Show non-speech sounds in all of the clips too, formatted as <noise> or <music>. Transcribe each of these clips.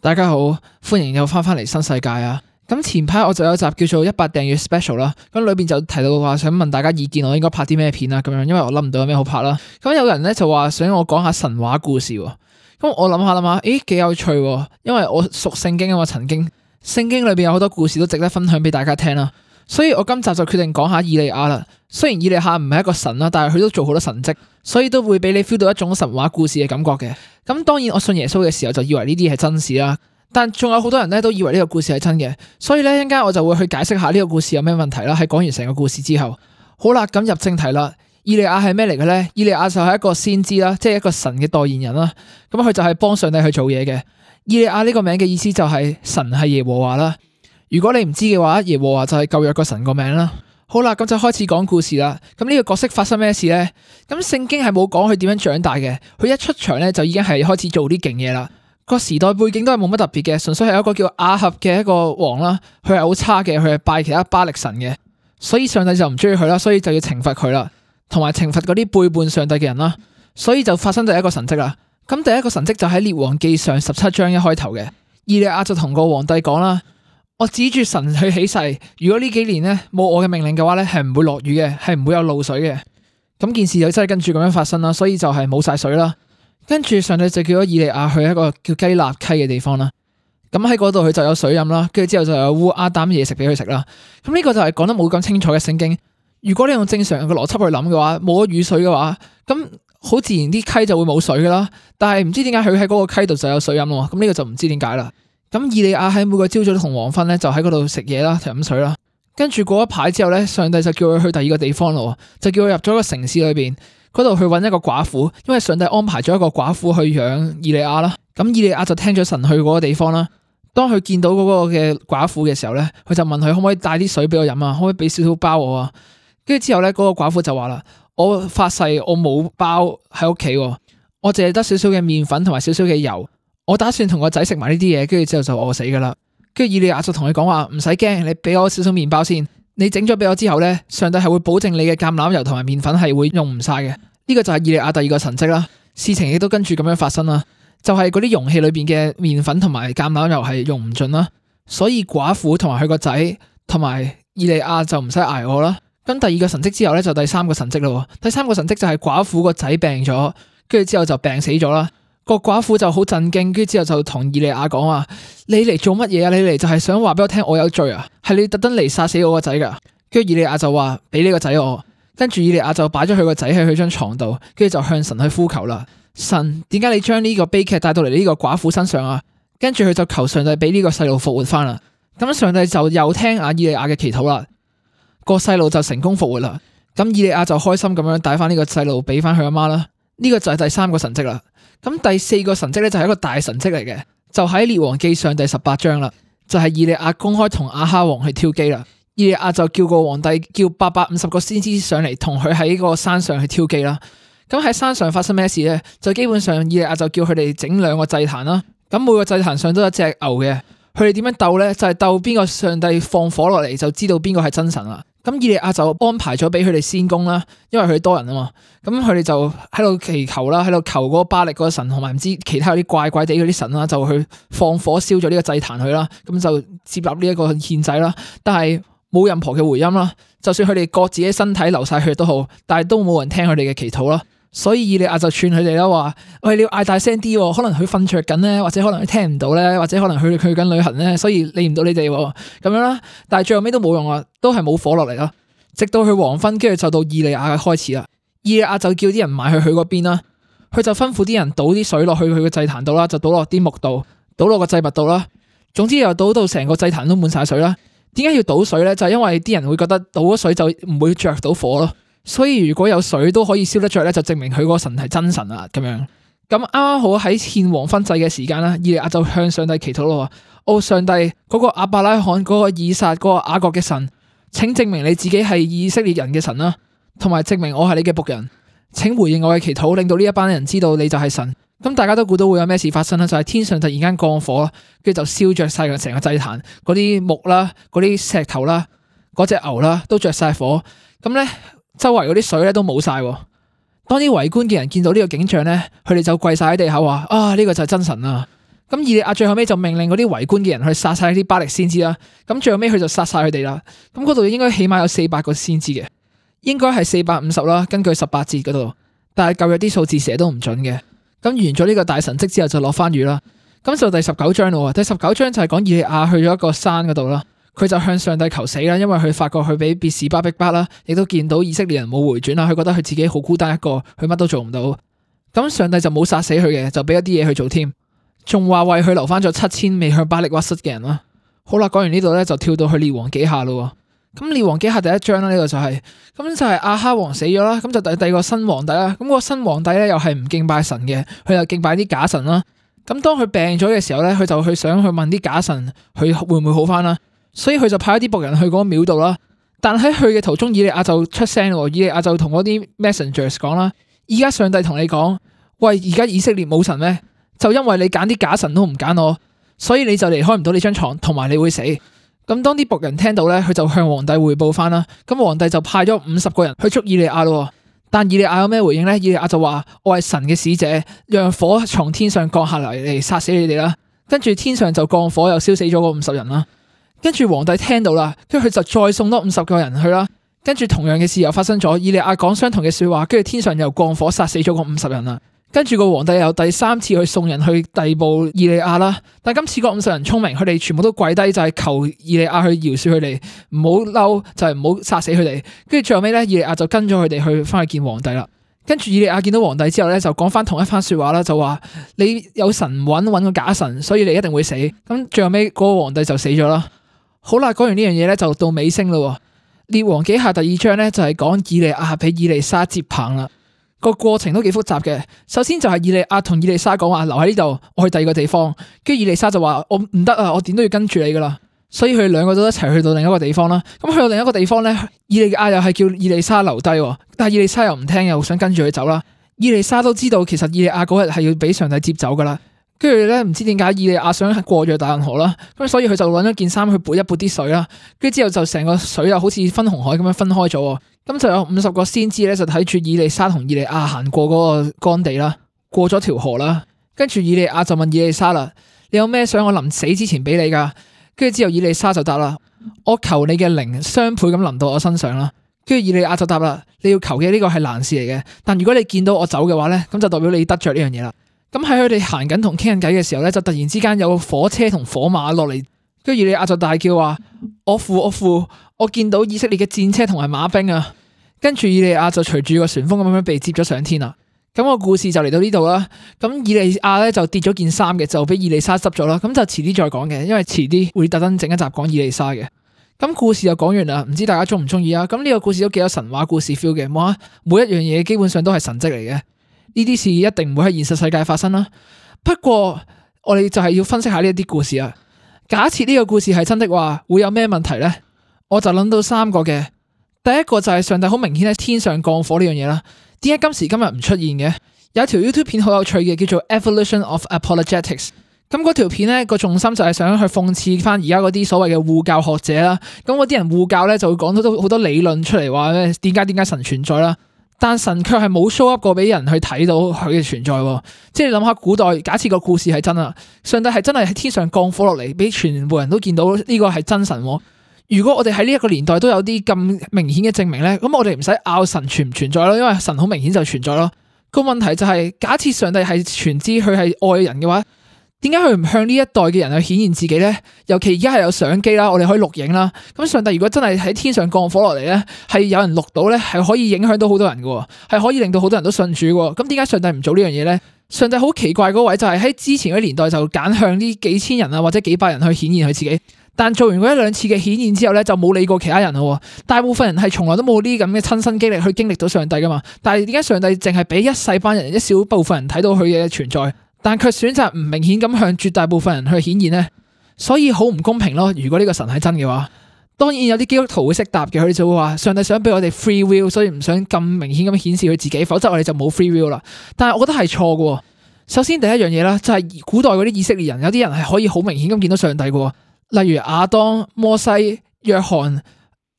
大家好，歡迎又翻返嚟新世界啊！咁前排我就有一集叫做一百訂閱 special 啦，咁裏邊就提到嘅話，想問大家意見，我應該拍啲咩片啊？咁樣，因為我諗唔到有咩好拍啦。咁有人咧就話想我講下神話故事，咁我諗下諗下，咦，幾有趣，因為我熟聖經啊嘛，曾經聖經裏邊有好多故事都值得分享俾大家聽啦。所以我今集就決定講下以利亞啦。雖然以利亞唔係一個神啦、啊，但係佢都做好多神蹟，所以都會俾你 feel 到一種神話故事嘅感覺嘅。咁當然我信耶穌嘅時候就以為呢啲係真事啦、啊。但仲有好多人咧都以為呢個故事係真嘅，所以咧一陣間我就會去解釋下呢個故事有咩問題啦、啊。喺講完成個故事之後，好啦，咁入正題啦。以利亞係咩嚟嘅咧？以利亞就係一個先知啦、啊，即係一個神嘅代言人啦、啊。咁佢就係幫上帝去做嘢嘅。以利亞呢個名嘅意思就係神係耶和華啦、啊。如果你唔知嘅話，耶和華就係舊約個神個名啦。好啦，咁就開始講故事啦。咁呢個角色發生咩事呢？咁聖經係冇講佢點樣長大嘅，佢一出場咧就已經係開始做啲勁嘢啦。個時代背景都係冇乜特別嘅，純粹係一個叫阿合嘅一個王啦。佢係好差嘅，佢係拜其他巴力神嘅，所以上帝就唔中意佢啦，所以就要懲罰佢啦，同埋懲罰嗰啲背叛上帝嘅人啦。所以就發生咗第一個神跡啦。咁第一個神跡就喺列王記上十七章一開頭嘅，以利亞就同個皇帝講啦。我指住神去起誓，如果呢幾年呢，冇我嘅命令嘅話呢，係唔會落雨嘅，係唔會有露水嘅。咁件事就真係跟住咁樣發生啦，所以就係冇晒水啦。跟住上帝就叫咗以利亞去一個叫基立溪嘅地方啦。咁喺嗰度佢就有水飲啦，跟住之後就有烏鴉擔嘢食俾佢食啦。咁呢個就係講得冇咁清楚嘅聖經。如果你用正常嘅邏輯去諗嘅話，冇咗雨水嘅話，咁好自然啲溪就會冇水噶啦。但係唔知點解佢喺嗰個溪度就有水飲咯。咁呢個就唔知點解啦。咁以利亞喺每個朝早同黃昏咧就喺嗰度食嘢啦、飲水啦，跟住過一排之後咧，上帝就叫佢去第二個地方咯，就叫佢入咗一個城市裏邊嗰度去搵一個寡婦，因為上帝安排咗一個寡婦去養以利亞啦。咁以利亞就聽咗神去嗰個地方啦。當佢見到嗰個嘅寡婦嘅時候咧，佢就問佢，可唔可以帶啲水俾我飲啊？可唔可以俾少少包我啊？跟住之後咧，嗰個寡婦就話啦：我發誓我冇包喺屋企，我淨係得少少嘅麵粉同埋少少嘅油。我打算同個仔食埋呢啲嘢，跟住之後就餓死噶啦。跟住以利亞就同佢講話：唔使驚，你俾我少少麵包先。你整咗俾我之後呢，上帝係會保證你嘅橄欖油同埋麵粉係會用唔晒嘅。呢個就係以利亞第二個神蹟啦。事情亦都跟住咁樣發生啦。就係嗰啲容器裏邊嘅麵粉同埋橄欖油係用唔盡啦。所以寡婦同埋佢個仔同埋以利亞就唔使挨餓啦。咁第二個神蹟之後呢，就第三個神蹟啦。第三個神蹟就係寡婦個仔病咗，跟住之後就病死咗啦。個寡婦就好震驚，跟住之後就同以利亞講話，啊：你嚟做乜嘢啊？你嚟就係想話俾我聽我有罪啊？係你特登嚟殺死我個仔噶？跟住以利亞就話：俾呢個仔我。跟住以利亞就擺咗佢個仔喺佢張床度，跟住就向神去呼求啦。神，點解你將呢個悲劇帶到嚟呢個寡婦身上啊？跟住佢就求上帝俾呢個細路復活翻啦。咁上帝就又聽阿以利亞嘅祈禱啦，個細路就成功復活啦。咁以利亞就開心咁樣帶翻呢個細路俾翻佢阿媽啦。呢個就係第三個神蹟啦。咁第四個神蹟咧就係一個大神蹟嚟嘅，就喺、是《列王記》上第十八章啦，就係、是、以利亞公開同亞哈王去挑機啦。以利亞就叫個皇帝叫八百五十個先知上嚟同佢喺個山上去挑機啦。咁喺山上發生咩事咧？就基本上以利亞就叫佢哋整兩個祭壇啦。咁每個祭壇上都有一隻牛嘅，佢哋點樣鬥咧？就係、是、鬥邊個上帝放火落嚟，就知道邊個係真神啦。咁以利亞就安排咗俾佢哋先攻啦，因為佢哋多人啊嘛，咁佢哋就喺度祈求啦，喺度求嗰個巴力嗰個神同埋唔知其他嗰啲怪怪地嗰啲神啦，就去放火燒咗呢個祭壇佢啦，咁就接納呢一個獻祭啦，但係冇任何嘅回音啦，就算佢哋割自己身體流晒血都好，但係都冇人聽佢哋嘅祈禱啦。所以以利亞就串佢哋啦，話：喂，你要嗌大聲啲，可能佢瞓着緊咧，或者可能佢聽唔到咧，或者可能去去緊旅行咧，所以理唔到你哋咁樣啦。但係最後尾都冇用啊，都係冇火落嚟。咯直到去黃昏，跟住就到以利亞開始啦。以利亞就叫啲人埋去佢嗰邊啦，佢就吩咐啲人倒啲水落去佢個祭壇度啦，就倒落啲木度，倒落個祭物度啦。總之又倒到成個祭壇都滿晒水啦。點解要倒水咧？就係因為啲人會覺得倒咗水就唔會着到火咯。所以如果有水都可以燒得着咧，就證明佢個神係真神啦、啊。咁樣咁啱啱好喺獻黃昏祭嘅時間啦，以利亞就向上帝祈禱咯。哦，上帝嗰、那個亞伯拉罕、嗰、那個以撒、嗰、那個雅各嘅神，請證明你自己係以色列人嘅神啦，同埋證明我係你嘅僕人，請回應我嘅祈禱，令到呢一班人知道你就係神。咁、嗯、大家都估到會有咩事發生啦，就係、是、天上突然間降火，跟住就燒着晒人成個祭壇嗰啲木啦、嗰啲石頭啦、嗰、那、隻、個牛啦都着晒火。咁咧。周圍嗰啲水咧都冇晒，當啲圍觀嘅人見到呢個景象咧，佢哋就跪晒喺地下話：啊，呢個就係真神啊！咁以利亞最後尾就命令嗰啲圍觀嘅人去殺晒啲巴力先知啦。咁最後尾佢就殺晒佢哋啦。咁嗰度應該起碼有四百個先知嘅，應該係四百五十啦。根據十八節嗰度，但係舊約啲數字寫都唔準嘅。咁完咗呢個大神蹟之後就落翻雨啦。咁就第十九章咯。第十九章就係講以利亞去咗一個山嗰度啦。佢就向上帝求死啦，因為佢發覺佢俾別是巴逼巴啦，亦都見到以色列人冇回轉啦，佢覺得佢自己好孤單一個，佢乜都做唔到。咁上帝就冇殺死佢嘅，就俾一啲嘢佢做添，仲話為佢留翻咗七千未向巴力屈膝嘅人啦。好啦，講完呢度咧，就跳到去列王紀下咯。咁列王紀下第一章啦，呢個就係咁就係亞哈王死咗啦，咁就第第二個新皇帝啦。咁個新皇帝咧又係唔敬拜神嘅，佢又敬拜啲假神啦。咁當佢病咗嘅時候咧，佢就去想去問啲假神，佢會唔會好翻啦？所以佢就派一啲僕人去嗰廟度啦，但喺去嘅途中，以利亞就出聲，以利亞就同嗰啲 messengers 講啦：依家上帝同你講，喂，而家以色列冇神咩？就因為你揀啲假神都唔揀我，所以你就離開唔到你張床，同埋你會死。咁當啲僕人聽到咧，佢就向皇帝回報返啦。咁皇帝就派咗五十個人去捉以利亞咯。但以利亞有咩回應咧？以利亞就話：我係神嘅使者，讓火從天上降下嚟嚟殺死你哋啦。跟住天上就降火，又燒死咗嗰五十人啦。跟住皇帝聽到啦，跟住佢就再送多五十個人去啦。跟住同樣嘅事又發生咗，以利亞講相同嘅說話，跟住天上又降火殺死咗個五十人啦。跟住個皇帝又第三次去送人去逮捕以利亞啦。但今次個五十人聰明，佢哋全部都跪低，就係求以利亞去饒恕佢哋，唔好嬲，就係唔好殺死佢哋。跟住最後尾咧，以利亞就跟咗佢哋去翻去見皇帝啦。跟住以利亞見到皇帝之後咧，就講翻同一番說話啦，就話你有神唔揾，揾個假神，所以你一定會死。咁最後尾個皇帝就死咗啦。好啦，講完呢樣嘢咧，就到尾聲咯。列王紀下第二章咧，就係講以利亞俾以利沙接棒啦。個過程都幾複雜嘅。首先就係以利亞同以利沙講，話留喺呢度，我去第二個地方。跟住以利沙就話我唔得啊，我點都要跟住你噶啦。所以佢哋兩個都一齊去到另一個地方啦。咁去到另一個地方咧，以利亞又係叫以利沙留低，但係以利沙又唔聽，又想跟住佢走啦。以利沙都知道其實以利亞嗰日係要俾上帝接走噶啦。跟住咧，唔知點解以利亞想過咗約旦河啦，咁、嗯、所以佢就揾咗件衫去撥一撥啲水啦，跟住之後就成個水又好似分紅海咁樣分開咗喎，咁就有五十個先知咧就睇住以利沙同以利亞行過嗰個乾地啦，過咗條河啦，跟住以利亞就問以利沙啦：你有咩想我臨死之前俾你噶？跟住之後以利沙就答啦：我求你嘅靈雙倍咁臨到我身上啦。跟住以利亞就答啦：你要求嘅呢個係難事嚟嘅，但如果你見到我走嘅話咧，咁就代表你得着呢樣嘢啦。咁喺佢哋行緊同傾緊偈嘅時候咧，就突然之間有個火車同火馬落嚟，跟住以利亞就大叫話：我父，我父，我見到以色列嘅戰車同埋馬兵啊！跟住 <noise> <noise> 以利亞就隨住個旋風咁樣被接咗上天啦。咁、嗯那個故事就嚟到呢度啦。咁、嗯、以利亞咧就跌咗件衫嘅，就俾以利沙執咗啦。咁、嗯、就遲啲再講嘅，因為遲啲會特登整一集講以利沙嘅。咁、嗯、故事就講完啦，唔知大家中唔中意啊？咁、嗯、呢、這個故事都幾有神話故事 feel 嘅，冇、嗯、哇！每一樣嘢基本上都係神跡嚟嘅。呢啲事一定唔會喺現實世界發生啦。不過我哋就係要分析下呢一啲故事啊。假設呢個故事係真的話，會有咩問題呢？我就諗到三個嘅。第一個就係上帝好明顯喺天上降火呢樣嘢啦。點解今時今日唔出現嘅？有一條 YouTube 片好有趣嘅，叫做《Evolution of Apologetics》。咁嗰條片呢，個重心就係想去諷刺翻而家嗰啲所謂嘅護教學者啦。咁嗰啲人護教呢，就會講出好多理論出嚟，話咩點解點解神存在啦？但神卻係冇 show up 過俾人去睇到佢嘅存在、哦，即係你諗下古代，假設個故事係真啦，上帝係真係喺天上降火落嚟，俾全部人都見到呢個係真神、哦。如果我哋喺呢一個年代都有啲咁明顯嘅證明咧，咁我哋唔使拗神存唔存在咯，因為神好明顯就存在咯。個問題就係、是、假設上帝係全知佢係愛人嘅話。點解佢唔向呢一代嘅人去顯現自己咧？尤其而家係有相機啦，我哋可以錄影啦。咁上帝如果真係喺天上降火落嚟咧，係有人錄到咧，係可以影響到好多人噶，係可以令到好多人都信主。咁點解上帝唔做呢樣嘢咧？上帝好奇怪嗰位就係喺之前嘅年代就揀向呢幾千人啊或者幾百人去顯現佢自己，但做完嗰一兩次嘅顯現之後咧，就冇理過其他人咯哦。大部分人係從來都冇呢咁嘅親身經歷去經歷到上帝噶嘛。但係點解上帝淨係俾一世班人一小部分人睇到佢嘅存在？但佢選擇唔明顯咁向絕大部分人去顯現呢，所以好唔公平咯。如果呢個神係真嘅話，當然有啲基督徒會識答嘅，佢就會話上帝想俾我哋 free will，所以唔想咁明顯咁顯示佢自己，否則我哋就冇 free will 啦。但係我覺得係錯嘅。首先第一樣嘢咧，就係古代嗰啲以色列人，有啲人係可以好明顯咁見到上帝嘅，例如亞當、摩西、約翰、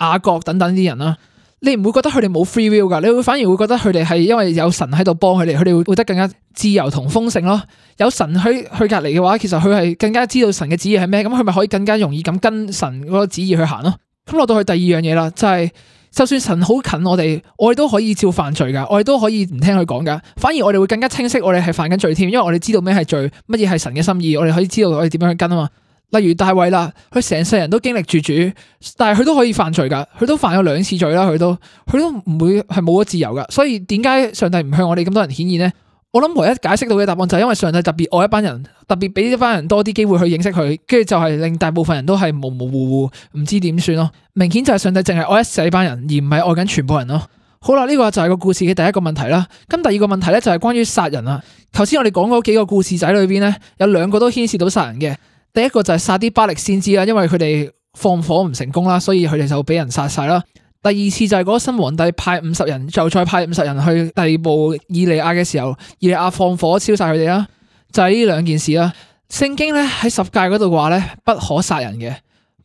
雅各等等啲人啦。你唔會覺得佢哋冇 free will 噶，你會反而會覺得佢哋係因為有神喺度幫佢哋，佢哋會活得更加自由同豐盛咯。有神去去隔籬嘅話，其實佢係更加知道神嘅旨意係咩，咁佢咪可以更加容易咁跟神嗰個旨意去行咯。咁落到去第二樣嘢啦，就係就算神好近我哋，我哋都可以照犯罪噶，我哋都可以唔聽佢講噶，反而我哋會更加清晰，我哋係犯緊罪添，因為我哋知道咩係罪，乜嘢係神嘅心意，我哋可以知道我哋點樣去跟啊嘛。例如大衛啦，佢成世人都經歷住主，但係佢都可以犯罪噶，佢都犯咗兩次罪啦，佢都佢都唔會係冇咗自由噶。所以點解上帝唔向我哋咁多人顯現呢？我諗唯一解釋到嘅答案就係因為上帝特別愛一班人，特別俾一班人多啲機會去認識佢，跟住就係令大部分人都係模模糊糊，唔知點算咯。明顯就係上帝淨係愛一細班人，而唔係愛緊全部人咯。好啦，呢個就係個故事嘅第一個問題啦。咁第二個問題咧就係關於殺人啦。頭先我哋講嗰幾個故事仔裏邊咧，有兩個都牽涉到殺人嘅。第一個就係殺啲巴力先知啦，因為佢哋放火唔成功啦，所以佢哋就俾人殺晒啦。第二次就係嗰個新皇帝派五十人，就再派五十人去逮捕以利亞嘅時候，以利亞放火燒晒佢哋啦。就係呢兩件事啦。聖經咧喺十誡嗰度話咧，不可殺人嘅，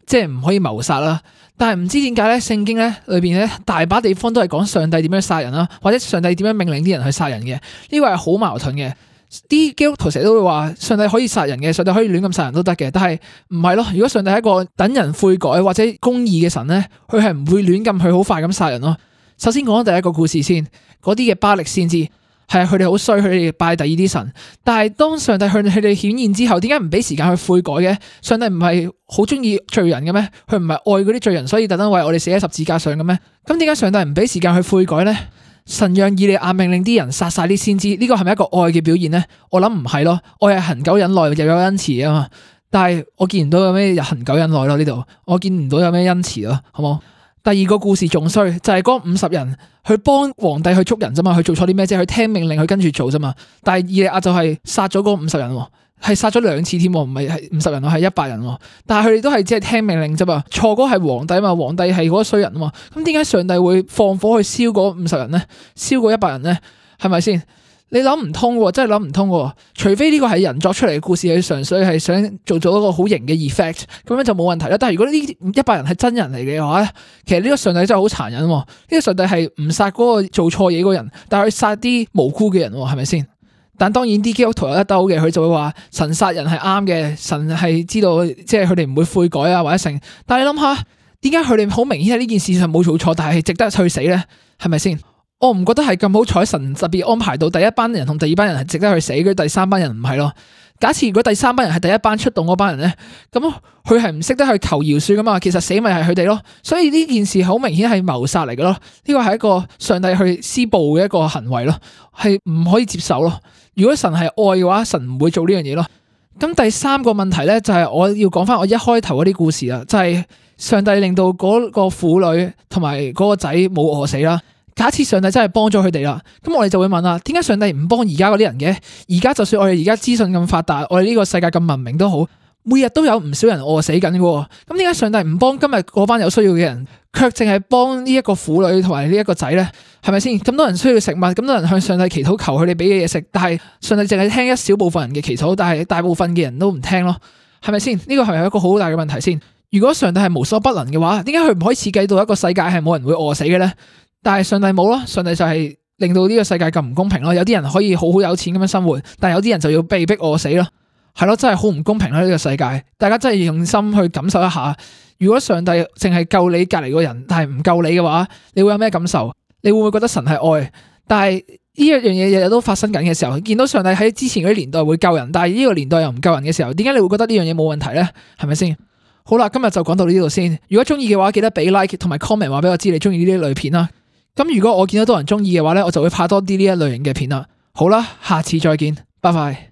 即係唔可以謀殺啦。但係唔知點解咧，聖經咧裏邊咧大把地方都係講上帝點樣殺人啦，或者上帝點樣命令啲人去殺人嘅，呢個係好矛盾嘅。啲基督徒成日都會話上帝可以殺人嘅，上帝可以亂咁殺人都得嘅，但係唔係咯，如果上帝係一個等人悔改或者公義嘅神咧，佢係唔會亂咁去好快咁殺人咯。首先講第一個故事先，嗰啲嘅巴力先知係佢哋好衰，佢哋拜第二啲神，但係當上帝向佢哋顯現之後，點解唔俾時間去悔改嘅？上帝唔係好中意罪人嘅咩？佢唔係愛嗰啲罪人，所以特登為我哋寫喺十字架上嘅咩？咁點解上帝唔俾時間去悔改咧？神讓以利亞命令啲人殺晒啲先知，呢個係咪一個愛嘅表現呢？我諗唔係咯，愛係恒久忍耐又有恩慈啊嘛。但係我見唔到有咩恒久忍耐咯呢度，我見唔到有咩恩慈咯，好冇？第二個故事仲衰，就係嗰五十人去幫皇帝去捉人啫嘛，佢做錯啲咩啫？佢聽命令去跟住做啫嘛，但係以利亞就係殺咗嗰五十人。係殺咗兩次添，唔係係五十人咯，係一百人。但係佢哋都係只係聽命令啫嘛。錯嗰係皇帝嘛，皇帝係嗰衰人嘛。咁點解上帝會放火去燒嗰五十人咧？燒嗰一百人咧？係咪先？你諗唔通，真係諗唔通。除非呢個係人作出嚟嘅故事，係純粹係想做咗一個好型嘅 effect，咁樣就冇問題啦。但係如果呢一百人係真人嚟嘅話咧，其實呢個上帝真係好殘忍。呢個上帝係唔殺嗰個做錯嘢嗰人，但係佢殺啲無辜嘅人，係咪先？但當然啲基督徒有得兜嘅，佢就會話神殺人係啱嘅，神係知道即係佢哋唔會悔改啊或者成。但你諗下，點解佢哋好明顯係呢件事上冇做錯，但係係值得去死咧？係咪先？我唔覺得係咁好彩，神特別安排到第一班人同第二班人係值得去死，跟第三班人唔係咯。假設如果第三班人係第一班出動嗰班人咧，咁佢係唔識得去求饒恕噶嘛？其實死咪係佢哋咯，所以呢件事好明顯係謀殺嚟噶咯，呢個係一個上帝去施暴嘅一個行為咯，係唔可以接受咯。如果神係愛嘅話，神唔會做呢樣嘢咯。咁第三個問題咧，就係、是、我要講翻我一開頭嗰啲故事啦，就係、是、上帝令到嗰個婦女同埋嗰個仔冇餓死啦。假設上帝真係幫咗佢哋啦，咁我哋就會問啦、啊：點解上帝唔幫而家嗰啲人嘅？而家就算我哋而家資訊咁發達，我哋呢個世界咁文明都好，每日都有唔少人餓死緊嘅。咁點解上帝唔幫今日嗰班有需要嘅人，卻淨係幫呢一個婦女同埋呢一個仔咧？係咪先？咁多人需要食物，咁多人向上帝祈禱求佢哋俾嘅嘢食，但係上帝淨係聽一小部分人嘅祈禱，但係大部分嘅人都唔聽咯，係咪先？呢、這個係咪一個好大嘅問題先？如果上帝係無所不能嘅話，點解佢唔可以設計到一個世界係冇人會餓死嘅咧？但係上帝冇咯，上帝就係令到呢個世界咁唔公平咯。有啲人可以好好有錢咁樣生活，但係有啲人就要被逼餓死咯。係咯，真係好唔公平咯呢個世界。大家真係用心去感受一下。如果上帝淨係救你隔籬個人，但係唔救你嘅話，你會有咩感受？你會唔會覺得神係愛？但係呢一樣嘢日日都發生緊嘅時候，見到上帝喺之前嗰啲年代會救人，但係呢個年代又唔救人嘅時候，點解你會覺得呢樣嘢冇問題呢？係咪先？好啦，今日就講到呢度先。如果中意嘅話，記得俾 like 同埋 comment 話俾我知你中意呢啲類片啦。咁如果我見到多人鍾意嘅話呢，我就會拍多啲呢一類型嘅片啦。好啦，下次再見，拜拜。